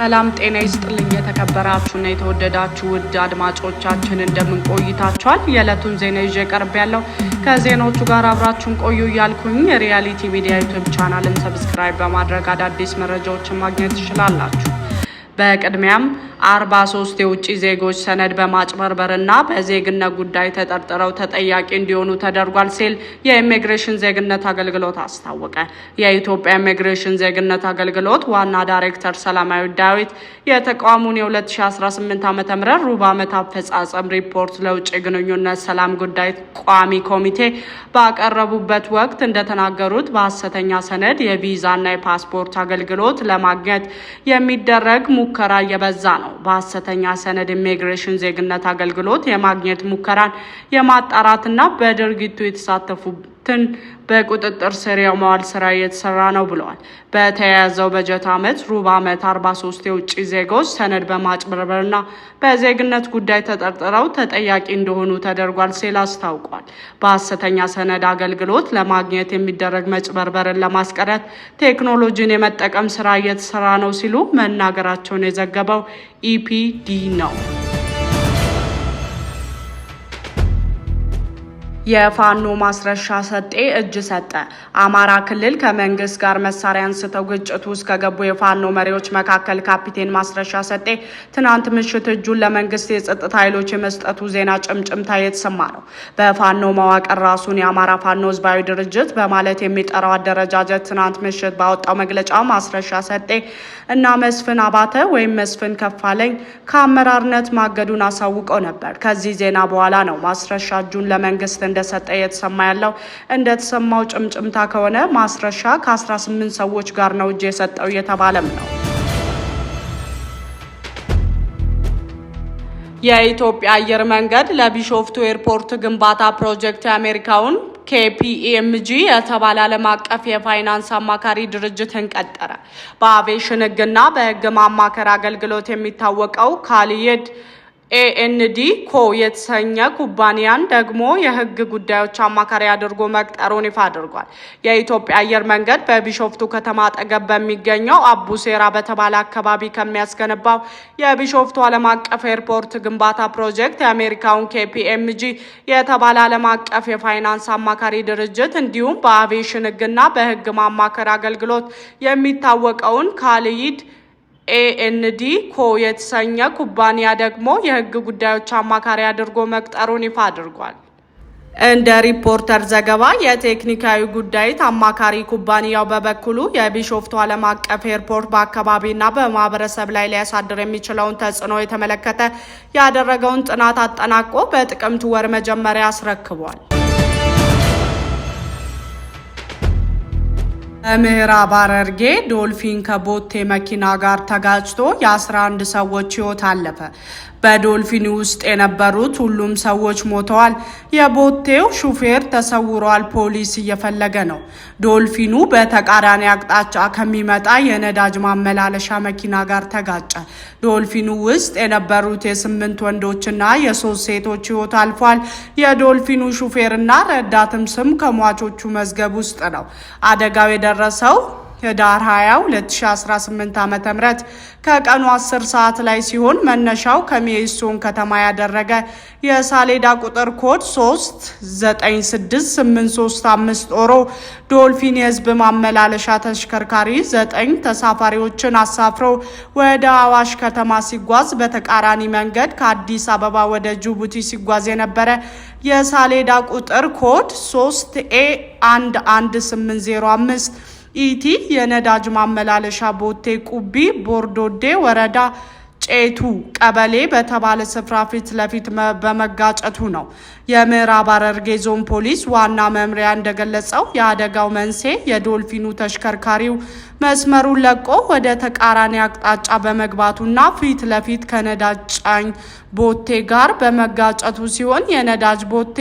ሰላም ጤና ይስጥልኝ። የተከበራችሁና የተወደዳችሁ ውድ አድማጮቻችን እንደምን ቆይታችኋል? የዕለቱን ዜና ይዤ ቀርብ ያለው ከዜናዎቹ ጋር አብራችሁን ቆዩ እያልኩኝ የሪያሊቲ ሚዲያ ዩቱብ ቻናልን ሰብስክራይብ በማድረግ አዳዲስ መረጃዎችን ማግኘት ትችላላችሁ። በቅድሚያም አርባ ሶስት የውጭ ዜጎች ሰነድ በማጭበርበርና በዜግነት ጉዳይ ተጠርጥረው ተጠያቂ እንዲሆኑ ተደርጓል ሲል የኢሚግሬሽን ዜግነት አገልግሎት አስታወቀ። የኢትዮጵያ ኢሚግሬሽን ዜግነት አገልግሎት ዋና ዳይሬክተር ሰላማዊ ዳዊት የተቋሙን የ2018 ዓ ም ሩብ ዓመት አፈጻጸም ሪፖርት ለውጭ ግንኙነት ሰላም ጉዳይ ቋሚ ኮሚቴ ባቀረቡበት ወቅት እንደተናገሩት በሐሰተኛ ሰነድ የቪዛና የፓስፖርት አገልግሎት ለማግኘት የሚደረግ ሙከራ እየበዛ ነው። በሐሰተኛ ሰነድ ኢሚግሬሽን ዜግነት አገልግሎት የማግኘት ሙከራን የማጣራትና በድርጊቱ የተሳተፉ ትን በቁጥጥር ስር የመዋል ስራ እየተሰራ ነው ብለዋል። በተያያዘው በጀት ዓመት ሩብ ዓመት 43 የውጭ ዜጎች ሰነድ በማጭበርበርና በዜግነት ጉዳይ ተጠርጥረው ተጠያቂ እንደሆኑ ተደርጓል ሲል አስታውቋል። በሐሰተኛ ሰነድ አገልግሎት ለማግኘት የሚደረግ መጭበርበርን ለማስቀረት ቴክኖሎጂን የመጠቀም ስራ እየተሰራ ነው ሲሉ መናገራቸውን የዘገበው ኢፒዲ ነው። የፋኖ ማስረሻ ሰጤ እጅ ሰጠ። አማራ ክልል ከመንግስት ጋር መሳሪያ አንስተው ግጭት ውስጥ ከገቡ የፋኖ መሪዎች መካከል ካፒቴን ማስረሻ ሰጤ ትናንት ምሽት እጁን ለመንግስት የጸጥታ ኃይሎች የመስጠቱ ዜና ጭምጭምታ የተሰማ ነው። በፋኖ መዋቅር ራሱን የአማራ ፋኖ ህዝባዊ ድርጅት በማለት የሚጠራው አደረጃጀት ትናንት ምሽት ባወጣው መግለጫ ማስረሻ ሰጤ እና መስፍን አባተ ወይም መስፍን ከፋለኝ ከአመራርነት ማገዱን አሳውቀው ነበር። ከዚህ ዜና በኋላ ነው ማስረሻ እጁን ለመንግስት እንደ እንደሰጠ እየተሰማ ያለው እንደተሰማው ጭምጭምታ ከሆነ ማስረሻ ከ18 ሰዎች ጋር ነው እጅ የሰጠው እየተባለም ነው። የኢትዮጵያ አየር መንገድ ለቢሾፍቱ ኤርፖርት ግንባታ ፕሮጀክት የአሜሪካውን ኬፒኤምጂ የተባለ ዓለም አቀፍ የፋይናንስ አማካሪ ድርጅትን ቀጠረ። በአቬሽን ሕግና በሕግ ማማከር አገልግሎት የሚታወቀው ካልየድ ኤኤንዲ ኮ የተሰኘ ኩባንያን ደግሞ የህግ ጉዳዮች አማካሪ አድርጎ መቅጠሩን ይፋ አድርጓል። የኢትዮጵያ አየር መንገድ በቢሾፍቱ ከተማ አጠገብ በሚገኘው አቡሴራ በተባለ አካባቢ ከሚያስገነባው የቢሾፍቱ ዓለም አቀፍ ኤርፖርት ግንባታ ፕሮጀክት የአሜሪካውን ኬፒኤምጂ የተባለ ዓለም አቀፍ የፋይናንስ አማካሪ ድርጅት እንዲሁም በአቪዬሽን ሕግና በህግ ማማከር አገልግሎት የሚታወቀውን ካሊይድ ኤኤንዲ ኮ የተሰኘ ኩባንያ ደግሞ የህግ ጉዳዮች አማካሪ አድርጎ መቅጠሩን ይፋ አድርጓል። እንደ ሪፖርተር ዘገባ የቴክኒካዊ ጉዳይት አማካሪ ኩባንያው በበኩሉ የቢሾፍቱ ዓለም አቀፍ ኤርፖርት በአካባቢና በማህበረሰብ ላይ ሊያሳድር የሚችለውን ተጽዕኖ የተመለከተ ያደረገውን ጥናት አጠናቆ በጥቅምት ወር መጀመሪያ አስረክቧል። በምዕራብ ሐረርጌ ዶልፊን ከቦቴ መኪና ጋር ተጋጭቶ የ11 ሰዎች ህይወት አለፈ። በዶልፊን ውስጥ የነበሩት ሁሉም ሰዎች ሞተዋል። የቦቴው ሹፌር ተሰውሯል። ፖሊስ እየፈለገ ነው። ዶልፊኑ በተቃራኒ አቅጣጫ ከሚመጣ የነዳጅ ማመላለሻ መኪና ጋር ተጋጨ። ዶልፊኑ ውስጥ የነበሩት የስምንት ወንዶችና የሶስት ሴቶች ህይወት አልፏል። የዶልፊኑ ሹፌርና ረዳትም ስም ከሟቾቹ መዝገብ ውስጥ ነው። አደጋው የደረሰው ህዳር 20 2018 ዓ ም ከቀኑ 10 ሰዓት ላይ ሲሆን መነሻው ከሚኤሶን ከተማ ያደረገ የሳሌዳ ቁጥር ኮድ 396835 ጦሮ ዶልፊን የህዝብ ማመላለሻ ተሽከርካሪ 9 ተሳፋሪዎችን አሳፍሮ ወደ አዋሽ ከተማ ሲጓዝ በተቃራኒ መንገድ ከአዲስ አበባ ወደ ጅቡቲ ሲጓዝ የነበረ የሳሌዳ ቁጥር ኮድ 3 ኤ 11805 ኢቲ የነዳጅ ማመላለሻ ቦቴ ቁቢ ቦርዶዴ ወረዳ ጬቱ ቀበሌ በተባለ ስፍራ ፊት ለፊት በመጋጨቱ ነው። የምዕራብ ሐረርጌ ዞን ፖሊስ ዋና መምሪያ እንደገለጸው የአደጋው መንስኤ የዶልፊኑ ተሽከርካሪው መስመሩን ለቆ ወደ ተቃራኒ አቅጣጫ በመግባቱና ፊት ለፊት ከነዳጅ ጫኝ ቦቴ ጋር በመጋጨቱ ሲሆን የነዳጅ ቦቴ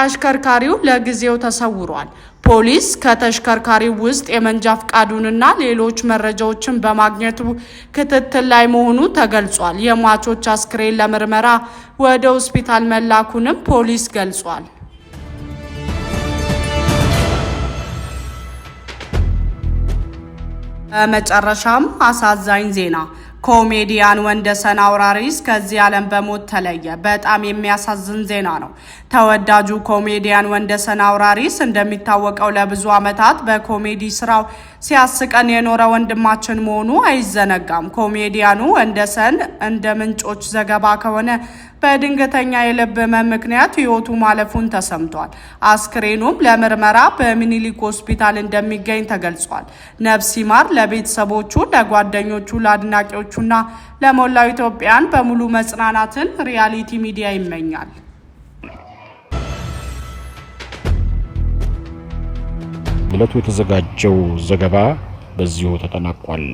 አሽከርካሪው ለጊዜው ተሰውሯል። ፖሊስ ከተሽከርካሪው ውስጥ የመንጃ ፍቃዱንና ሌሎች መረጃዎችን በማግኘቱ ክትትል ላይ መሆኑ ተገልጿል። የሟቾች አስክሬን ለምርመራ ወደ ሆስፒታል መላኩንም ፖሊስ ገልጿል። በመጨረሻም አሳዛኝ ዜና ኮሜዲያን ወንደሰን አውራሪስ ከዚህ ዓለም በሞት ተለየ። በጣም የሚያሳዝን ዜና ነው። ተወዳጁ ኮሜዲያን ወንደሰን አውራሪስ እንደሚታወቀው ለብዙ ዓመታት በኮሜዲ ስራው ሲያስቀን የኖረ ወንድማችን መሆኑ አይዘነጋም። ኮሜዲያኑ ወንደሰን እንደ ምንጮች ዘገባ ከሆነ በድንገተኛ የልብ ህመም ምክንያት ህይወቱ ማለፉን ተሰምቷል። አስክሬኑም ለምርመራ በሚኒሊክ ሆስፒታል እንደሚገኝ ተገልጿል። ነፍስ ይማር ለቤተሰቦቹ፣ ለጓደኞቹ፣ ለአድናቂዎቹና ለሞላው ኢትዮጵያን በሙሉ መጽናናትን ሪያሊቲ ሚዲያ ይመኛል። ዕለቱ የተዘጋጀው ዘገባ በዚሁ ተጠናቋል።